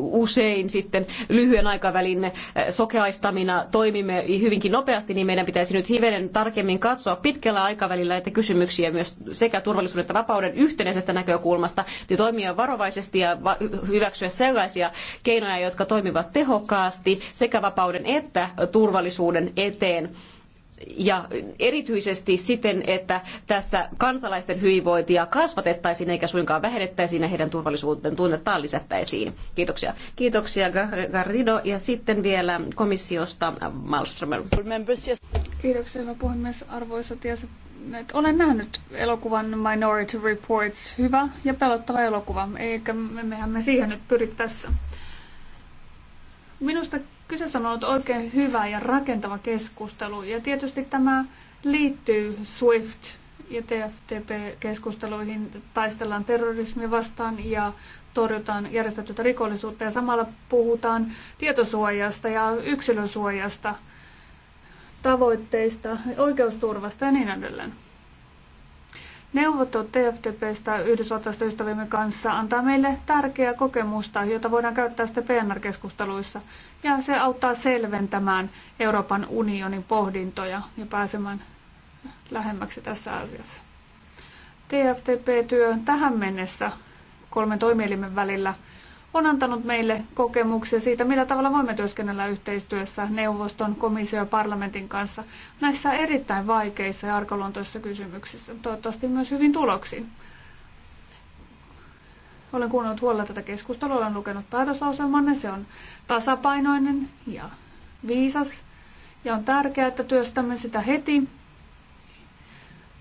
usein sitten lyhyen aikavälin sokeaistamina toimimme hyvinkin nopeasti, niin meidän pitäisi nyt hivenen tarkemmin katsoa pitkällä aikavälillä näitä kysymyksiä myös sekä turvallisuuden että vapauden yhtenäisestä näkökulmasta ja toimia varovaisesti ja hyväksyä sellaisia keinoja, jotka toimivat tehokkaasti sekä vapauden että turvallisuuden eteen ja erityisesti siten, että tässä kansalaisten hyvinvointia kasvatettaisiin eikä suinkaan vähennettäisiin ja heidän turvallisuuden tunnettaan lisättäisiin. Kiitoksia. Kiitoksia Garrido ja sitten vielä komissiosta Malmström. Kiitoksia hyvä puhemies, arvoisat jäsenet. Olen nähnyt elokuvan Minority Reports. Hyvä ja pelottava elokuva, eikä mehän me siihen nyt pyri tässä. Minusta Kyseessä on ollut oikein hyvä ja rakentava keskustelu ja tietysti tämä liittyy SWIFT ja TFTP-keskusteluihin taistellaan terrorismia vastaan ja torjutaan järjestettyä rikollisuutta ja samalla puhutaan tietosuojasta ja yksilösuojasta tavoitteista, oikeusturvasta ja niin edelleen. Neuvottelut TFTPstä Yhdysvaltaista ystävimme kanssa antaa meille tärkeää kokemusta, jota voidaan käyttää sitten PNR-keskusteluissa. Ja se auttaa selventämään Euroopan unionin pohdintoja ja pääsemään lähemmäksi tässä asiassa. TFTP-työ tähän mennessä kolmen toimielimen välillä – on antanut meille kokemuksia siitä, millä tavalla voimme työskennellä yhteistyössä neuvoston, komission ja parlamentin kanssa näissä erittäin vaikeissa ja arkaluontoisissa kysymyksissä, toivottavasti myös hyvin tuloksiin. Olen kuunnellut huolella tätä keskustelua, olen lukenut päätöslauselmanne, se on tasapainoinen ja viisas ja on tärkeää, että työstämme sitä heti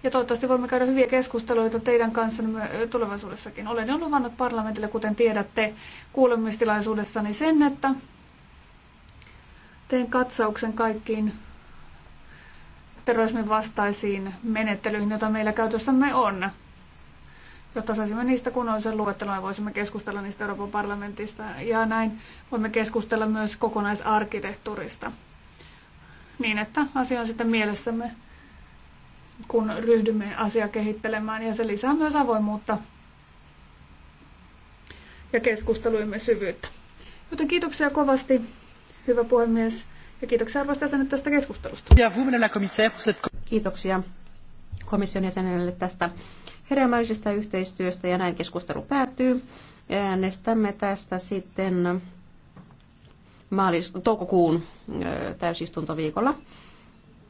ja toivottavasti voimme käydä hyviä keskusteluita teidän kanssanne tulevaisuudessakin. Olen jo luvannut parlamentille, kuten tiedätte, kuulemistilaisuudessani sen, että teen katsauksen kaikkiin terrorismin vastaisiin menettelyihin, joita meillä käytössämme on, jotta saisimme niistä kunnollisen luettelon ja voisimme keskustella niistä Euroopan parlamentista. Ja näin voimme keskustella myös kokonaisarkkitehtuurista, niin että asia on sitten mielessämme kun ryhdymme asiaa kehittelemään ja se lisää myös avoimuutta ja keskustelujemme syvyyttä. Joten kiitoksia kovasti, hyvä puhemies, ja kiitoksia arvoista jäsenet tästä keskustelusta. Kiitoksia komission jäsenelle tästä hedelmällisestä yhteistyöstä ja näin keskustelu päättyy. Äänestämme tästä sitten maalis- toukokuun täysistuntoviikolla.